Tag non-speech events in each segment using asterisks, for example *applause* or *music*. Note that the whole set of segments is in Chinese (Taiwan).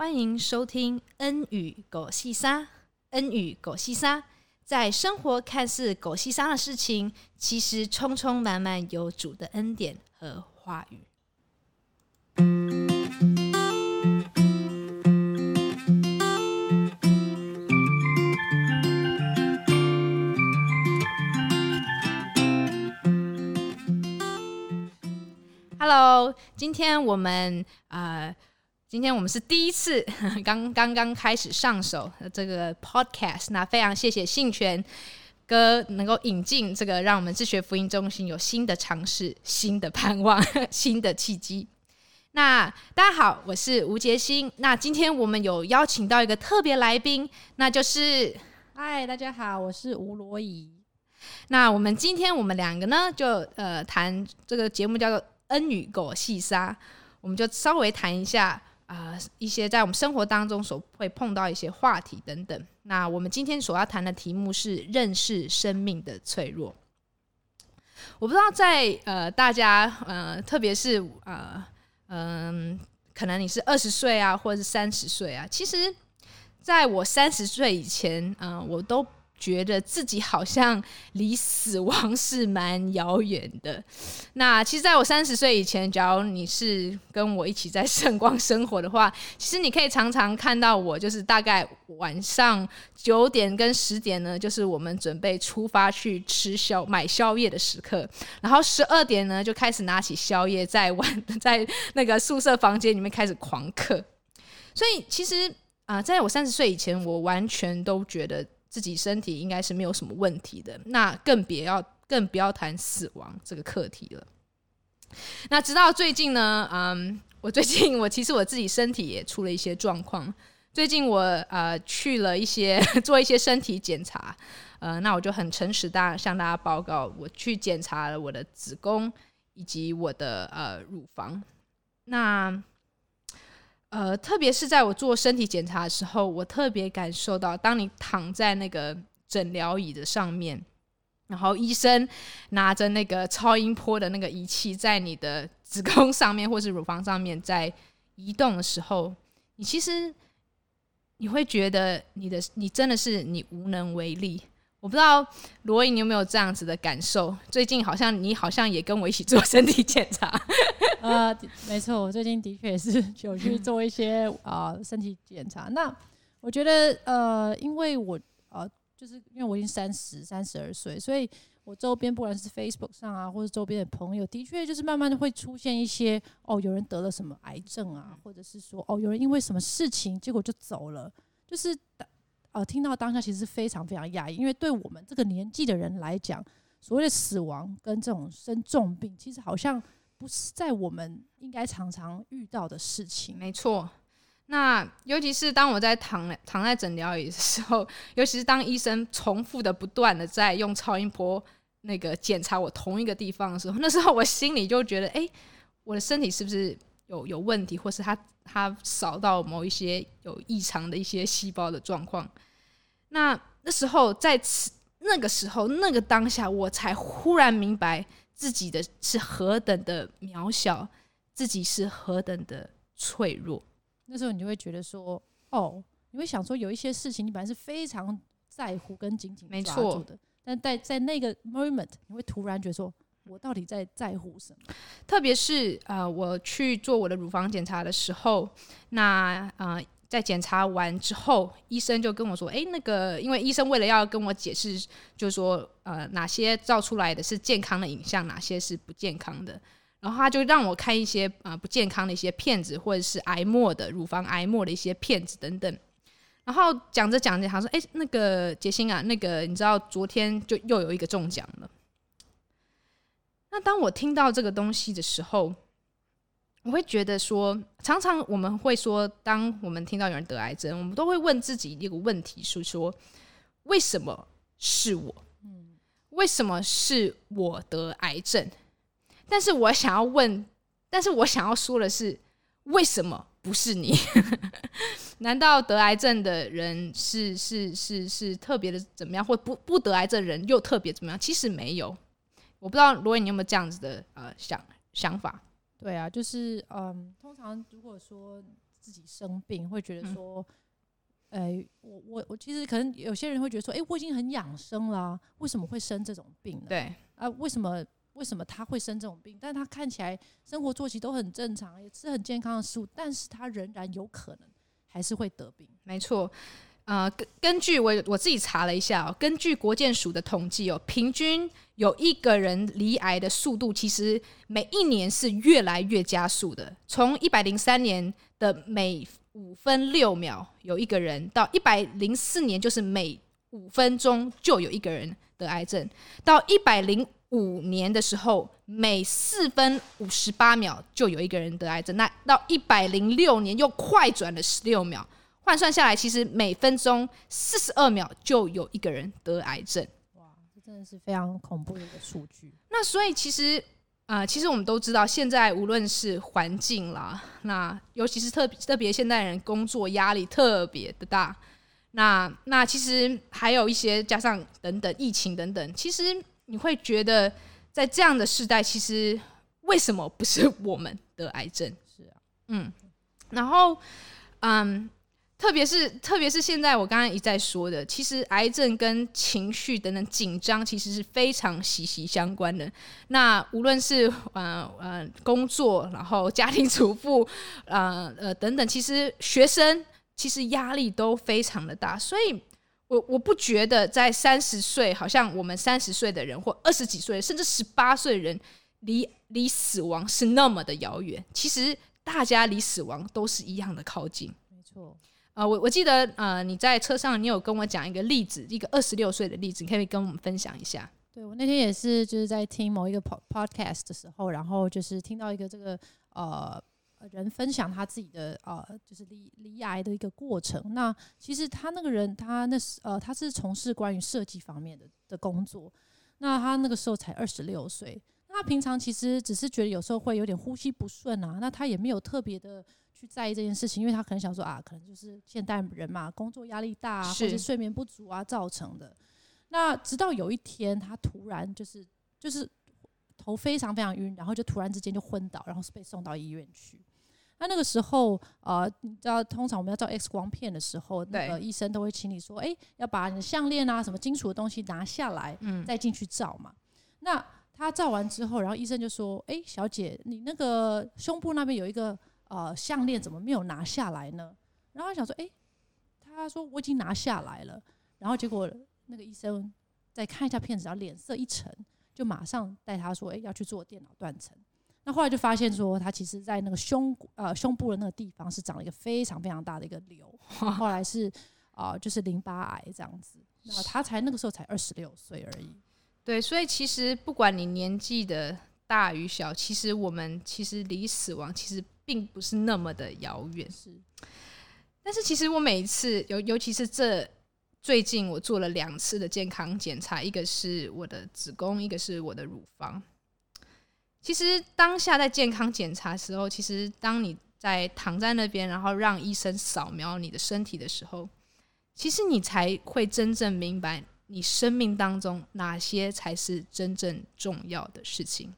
歡迎收聽恩《恩與狗細沙》恩，恩與狗細沙，在生活看似狗細沙的事情，其實充充滿滿有主的恩典和話語。嗯、Hello，今天我們呃。今天我們是第一次，剛剛剛開始上手的這個 podcast，那非常謝謝幸權哥能夠引進這個，讓我們自學福音中心有新的嘗試、新的盼望、新的契機。那大家好，我是吳潔心。那今天我們有邀請到一個特別來賓，那就是，嗨，大家好，我是吳蘿以。那我們今天我們兩個呢，就呃談這個節目叫做《恩與狗細沙》，我們就稍微談一下。啊、呃，一些在我們生活當中所會碰到一些話題等等。那我們今天所要談的題目是認識生命的脆弱。我不知道在呃大家呃，特別是呃嗯、呃，可能你是二十歲啊，或者是三十歲啊。其實，在我三十歲以前，嗯、呃，我都。覺得自己好像離死亡是蠻遙遠的。那其實，在我三十歲以前，假如你是跟我一起在聖光生活的話，其實你可以常常看到我，就是大概晚上九點跟十點呢，就是我們準備出發去吃宵、買宵夜的時刻。然後十二點呢，就開始拿起宵夜在，在晚在那個宿舍房間裡面開始狂啃。所以，其實啊、呃，在我三十歲以前，我完全都覺得。自己身體應該是沒有什麼問題的，那更別要，更不要談死亡這個課題了。那直到最近呢，嗯，我最近我，其實我自己身體也出了一些狀況。最近我，呃，去了一些，做一些身體檢查，呃，那我就很誠實地向大家報告，我去檢查了我的子宮以及我的，呃，乳房。那呃，特別是在我做身體檢查的時候，我特別感受到，當你躺在那個診療椅的上面，然後醫生拿着那個超音波的那個儀器在你的子宮上面或是乳房上面在移動的時候，你其實你會覺得你的你真的是你無能為力。我不知道蘿以，你有沒有這樣子的感受？最近好像你好像也跟我一起做身體檢查， *laughs* 呃，沒錯，我最近的確也是有去做一些啊、 *laughs* 呃、身體檢查。那我覺得呃，因為我呃，就是因為我已經三十，三十二歲，所以我周邊，不管是 Facebook 上啊，或者周邊的朋友，的確就是慢慢的會出現一些哦，有人得了什麼癌症啊，或者是說哦，有人因為什麼事情結果就走了，就是。哦、呃，聽到當下其實非常非常壓抑，因為對我們這個年紀的人來講，所謂的死亡跟這種生重病，其實好像不是在我們應該常常遇到的事情。沒錯。那尤其是當我在躺躺在診療椅的時候，尤其是當醫生重複的不斷的在用超音波那個檢查我同一個地方的時候，那時候我心裡就覺得，誒、欸，我的身體是不是？有有問題，或是他他掃到某一些有異常的一些細胞的狀況，那那時候在此那個時候那個當下，我才忽然明白自己的是何等的渺小，自己是何等的脆弱。那時候你就會覺得說，哦，你會想說有一些事情你本來是非常在乎跟緊緊抓住的，沒錯，但在在那個 moment，你會突然覺得說。我到底在在乎什麼？特別是呃，我去做我的乳房檢查的時候，那啊、呃，在檢查完之後，醫生就跟我說：“誒、欸，那個，因為醫生為了要跟我解釋，就是說呃，哪些照出來的是健康的影像，哪些是不健康的。然後他就讓我看一些啊、呃、不健康的一些片子，或者是癌末的乳房癌末的一些片子等等。然後講着講着，他說：“誒、欸，那個潔心啊，那個你知道昨天就又有一個中獎了。”那當我聽到這個東西的時候，我會覺得說，常常我們會說，當我們聽到有人得癌症，我們都會問自己一個問題，是說，為什麼是我？為什麼是我得癌症？但是我想要問，但是我想要說的是，為什麼不是你？ *laughs* 難道得癌症的人是是是是特別的怎麼樣？或不不得癌症的人又特別怎麼樣？其實沒有。我不知道蘿以，你有沒有這樣子的呃想想法？對啊，就是嗯，通常如果說自己生病，會覺得說，誒、嗯欸，我我我，我其實可能有些人會覺得說，哎、欸，我已經很養生了，啊，為什麼會生這種病呢？對啊，為什麼為什麼他會生這種病？但他看起來生活作息都很正常，也吃很健康的食物，但是他仍然有可能還是會得病。沒錯。呃，根根據我我自己查了一下哦，根據國健署的統計哦，平均有一個人罹癌的速度，其實每一年是越來越加速的。從一百零三年的每五分六秒有一個人，到一百零四年就是每五分鐘就有一個人得癌症，到一百零五年的時候，每四分五十八秒就有一個人得癌症。那到一百零六年又快轉了十六秒。換算下來，其實每分鐘四十二秒就有一個人得癌症。哇，這真的是非常恐怖的一個數據。那所以其實啊、呃，其實我們都知道，現在無論是環境啦，那尤其是特別特別現代人工作壓力特別的大。那那其實還有一些加上等等疫情等等，其實你會覺得在這樣的時代，其實為什麼不是我們得癌症？是啊，嗯，然後嗯。特別是，特別是現在，我剛剛一再說的，其實癌症跟情緒等等緊張，其實是非常息息相關的。那無論是嗯嗯、呃呃、工作，然後家庭主婦，啊呃，呃等等，其實學生其實壓力都非常的大。所以我我不覺得在三十歲，好像我們三十歲的人或二十幾歲，甚至十八歲人離離死亡是那麼的遙遠。其實大家離死亡都是一樣的靠近，沒錯。啊，我我記得啊、呃，你在車上你有跟我講一個例子，一個二十六歲的例子，你可以跟我們分享一下。對，我那天也是就是在聽某一個 pod podcast 的時候，然後就是聽到一個這個呃人分享他自己的呃就是罹罹癌的一個過程。那其實他那個人他那時呃他是從事關於設計方面的的工作，那他那個時候才二十六歲，那他平常其實只是覺得有時候會有點呼吸不順啊，那他也沒有特別的。去在意這件事情，因為他可能想說啊，可能就是現代人嘛，工作壓力大，啊，是或者睡眠不足啊造成的。那直到有一天，他突然就是就是頭非常非常暈，然後就突然之間就昏倒，然後是被送到醫院去。那那個時候，呃，你知道通常我們要照 X 光片的時候，對那個醫生都會請你說，哎，要把你的項鏈啊，什麼金屬的東西拿下來，嗯，再進去照嘛。那他照完之後，然後醫生就說，哎，小姐，你那個胸部那邊有一個。呃，項鏈怎麼沒有拿下來呢？然後他想說，哎、欸，他說我已經拿下來了。然後結果那個醫生再看一下片子，然後臉色一沉，就馬上帶他說，哎、欸，要去做電腦斷層。那後來就發現說，他其實在那個胸呃胸部的那個地方是長了一個非常非常大的一個瘤。後，後來是啊、呃，就是淋巴癌這樣子。那他才那個時候才二十六歲而已。對，所以其實不管你年紀的大與小，其實我們其實離死亡其實。並不是那麼的遙遠，是。但是其實我每一次，尤尤其是這最近我做了兩次的健康檢查，一個是我的子宮，一個是我的乳房。其實當下在健康檢查時候，其實當你在躺在那邊，然後讓醫生掃描你的身體的時候，其實你才會真正明白。你生命當中哪些才是真正重要的事情？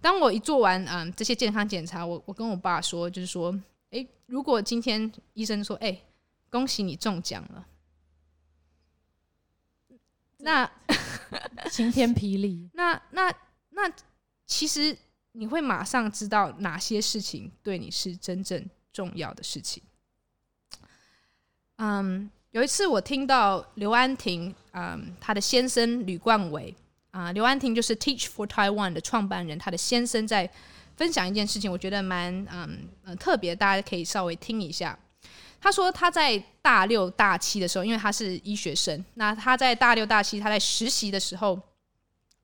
當我一做完嗯這些健康檢查，我我跟我爸說，就是說，誒、欸，如果今天醫生說，誒、欸，恭喜你中獎了，那晴天霹靂， *laughs* 那那那，那其實你會馬上知道哪些事情對你是真正重要的事情，嗯。有一次，我聽到劉安婷，嗯，她的先生呂冠偉，啊、呃，劉安婷就是 Teach for Taiwan 的創辦人，她的先生在分享一件事情，我覺得蠻，嗯，呃、特別，大家可以稍微聽一下。他說他在大六大七的時候，因為他是醫學生，那他在大六大七他在實習的時候，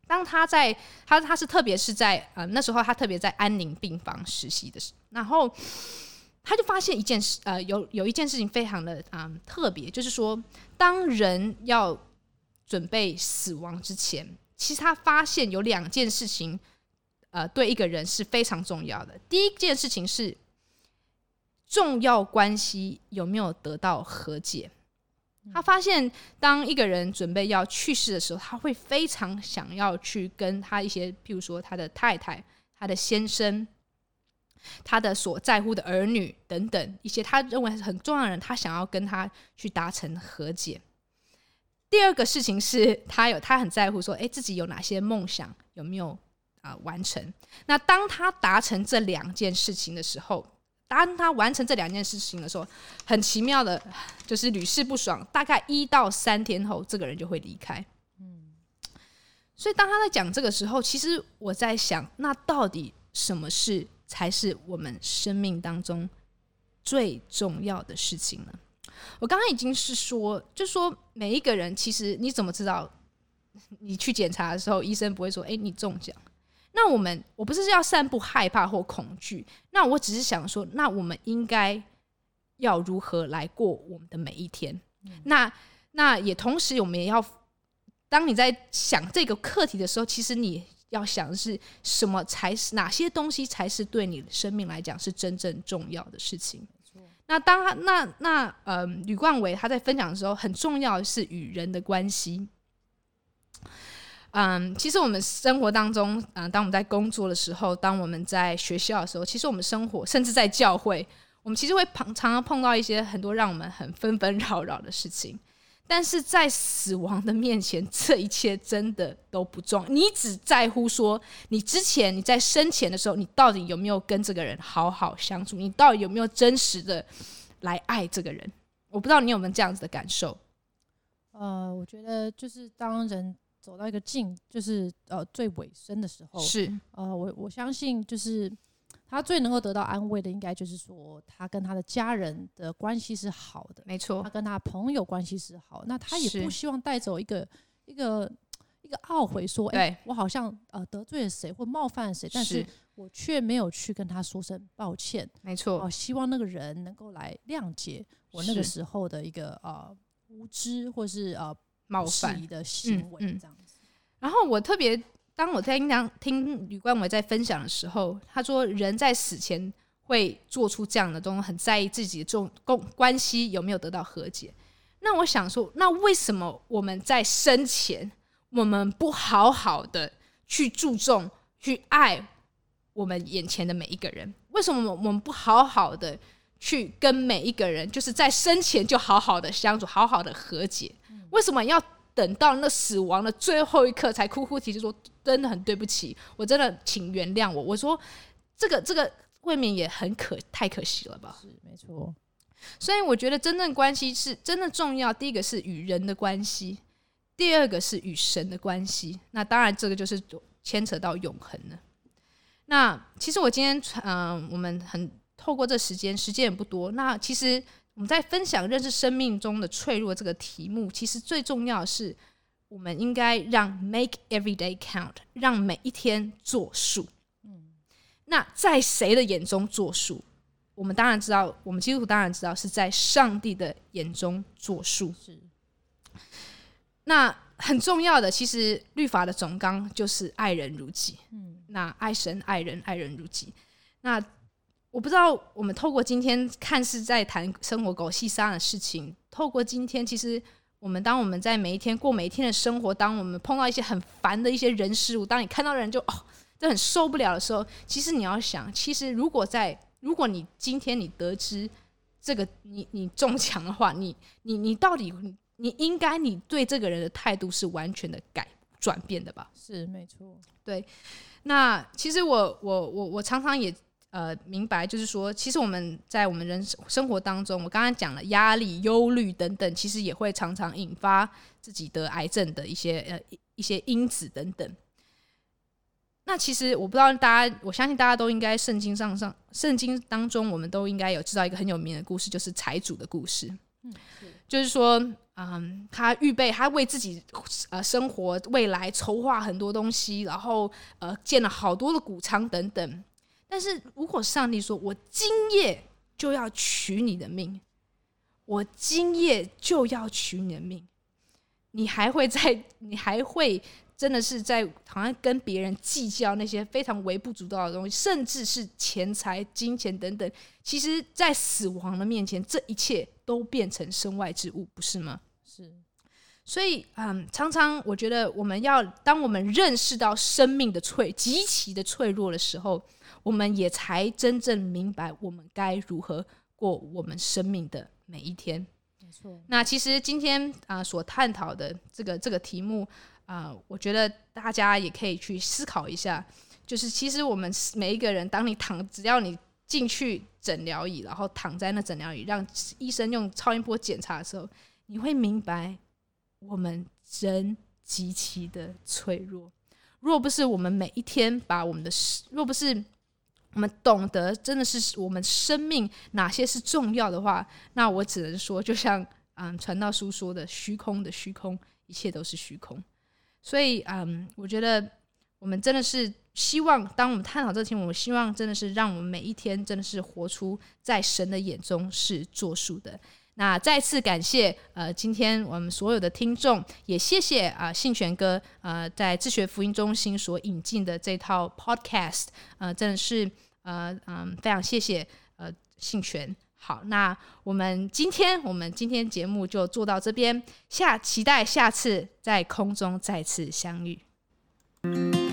當他在他他是特別是在，在嗯，那時候他特別在安寧病房實習的時候，然後。他就發現一件事，呃，有有一件事情非常的啊、嗯、特別，就是說，當人要準備死亡之前，其實他發現有兩件事情，呃，對一個人是非常重要的。第一件事情是重要關係有沒有得到和解。他發現，當一個人準備要去世的時候，他會非常想要去跟他一些，譬如說他的太太、他的先生。他的所在乎的兒女等等，一些他認為很重要的人，他想要跟他去達成和解。第二個事情是他有他很在乎說，說、欸、誒，自己有哪些夢想有沒有啊、呃、完成？那當他達成這兩件事情的時候，當他完成這兩件事情的時候，很奇妙的，就是屢試不爽。大概一到三天後，這個人就會離開。嗯，所以當他在講這個時候，其實我在想，那到底什麼是……’才是我們生命當中最重要的事情呢？我剛剛已經是說，就說每一個人其實你怎麼知道？你去檢查的時候，醫生不會說：“哎、欸，你中獎。”那我們我不是要散布害怕或恐懼，那我只是想說，那我們應該要如何來過我們的每一天？嗯。那那也同時，我們也要當你在想這個課題的時候，其實你。要想的是什麼才是哪些東西才是對你的生命來講是真正重要的事情？沒錯。那當他那那呃，呃、呂冠偉他在分享的時候，很重要的是與人的關係。嗯、呃，其實我們生活當中，嗯、呃，當我們在工作的時候，當我們在學校的時候，其實我們生活甚至在教會，我們其實會常常碰到一些很多讓我們很紛紛擾擾的事情。但是在死亡的面前，這一切真的都不重要。你只在乎說，你之前你在生前的時候，你到底有沒有跟這個人好好相處？你到底有沒有真實的來愛這個人？我不知道你有沒有這樣子的感受。呃，我覺得就是當人走到一個盡，就是呃最尾聲的時候，是呃我我相信就是。他最能夠得到安慰的，應該就是說，他跟他的家人的關係是好的，沒錯錯。他跟他朋友關係是好的，那他也不希望帶走一個是一個一個懊悔，說：“哎對、欸，我好像呃得罪了誰，或冒犯了誰，但是我卻沒有去跟他說聲抱歉。是”沒錯、呃，我希望那個人能夠來諒解我那個時候的一個是呃無知，或是呃冒犯的行為這樣子。嗯嗯、然後我特別。當我在聽聽呂冠偉在分享的時候，他說人在死前會做出這樣的東西，很在意自己的這種關係有沒有得到和解。那我想說，那為什麼我們在生前，我們不好好的去注重去愛我們眼前的每一個人？為什麼我們不好好的去跟每一個人，就是在生前就好好的相處，好好的和解？為什麼要？等到那死亡的最後一刻，才哭哭啼啼說：“真的很對不起，我真的請原諒我。”我說：“這個，這個未免也很可太可惜了吧？”是沒錯。所以我覺得真正關係是真的重要。第一個是與人的關係，第二個是與神的關係。那當然，這個就是牽扯到永恆了。那其實我今天，嗯，我們很透過這時間，時間也不多。那其實。我們在分享認識生命中的脆弱這個題目，其實最重要的是，我們應該讓 make every day count，讓每一天作數。嗯，那在誰的眼中作數？我們當然知道，我們基督徒當然知道是在上帝的眼中作數。是。那很重要的，其實律法的總綱就是愛人如己。嗯，那愛神、愛人、愛人如己。那。我不知道，我們透過今天看似在談生活、狗細沙的事情，透過今天，其實我們當我們在每一天過每一天的生活，當我們碰到一些很煩的一些人事物，當你看到人就哦，這很受不了的時候，其實你要想，其實如果在，如果你今天你得知這個你你中獎的話，你你你到底你應該你對這個人的態度是完全的改轉變的吧？是沒錯，對。那其實我我我我常常也。呃，明白，就是說，其實我們在我們人生活當中，我剛剛講了壓力、憂慮等等，其實也會常常引發自己得癌症的一些呃一些因子等等。那其實我不知道大家，我相信大家都應該聖經上上聖經當中，我們都應該有知道一個很有名的故事，就是財主的故事。嗯，是。就是說，嗯，他預備，他為自己呃生活未來籌劃很多東西，然後呃建了好多的穀倉等等。但是如果上帝說我今夜就要取你的命，我今夜就要取你的命，你還會在？你還會真的是在，好像跟別人計較那些非常微不足道的東西，甚至是錢財、金錢等等。其實，在死亡的面前，這一切都變成身外之物，不是嗎？是。所以，嗯，常常我覺得我們要，當我們認識到生命的脆，極其的脆弱的時候，我們也才真正明白我們該如何過我們生命的每一天。沒錯。那其實今天啊、呃，所探討的這個這個題目啊、呃，我覺得大家也可以去思考一下。就是其實我們每一個人，當你躺，只要你進去診療椅，然後躺在那診療椅，讓醫生用超音波檢查的時候，你會明白。我們人極其的脆弱，若不是我們每一天把我們的，若不是我們懂得真的是我們生命哪些是重要的話，那我只能說，就像嗯傳道書說的，虛空的虛空，一切都是虛空。所以嗯，我覺得我們真的是希望，當我們探討這題目，我們希望真的是讓我們每一天真的是活出在神的眼中是作數的。那再次感謝，呃，今天我們所有的聽眾，也謝謝啊、呃，信全哥，呃，在智學福音中心所引進的這套 Podcast，呃，真的是，呃，嗯、呃，非常謝謝，呃，信全。好，那我們今天我們今天節目就做到這邊，下期待下次在空中再次相遇。嗯。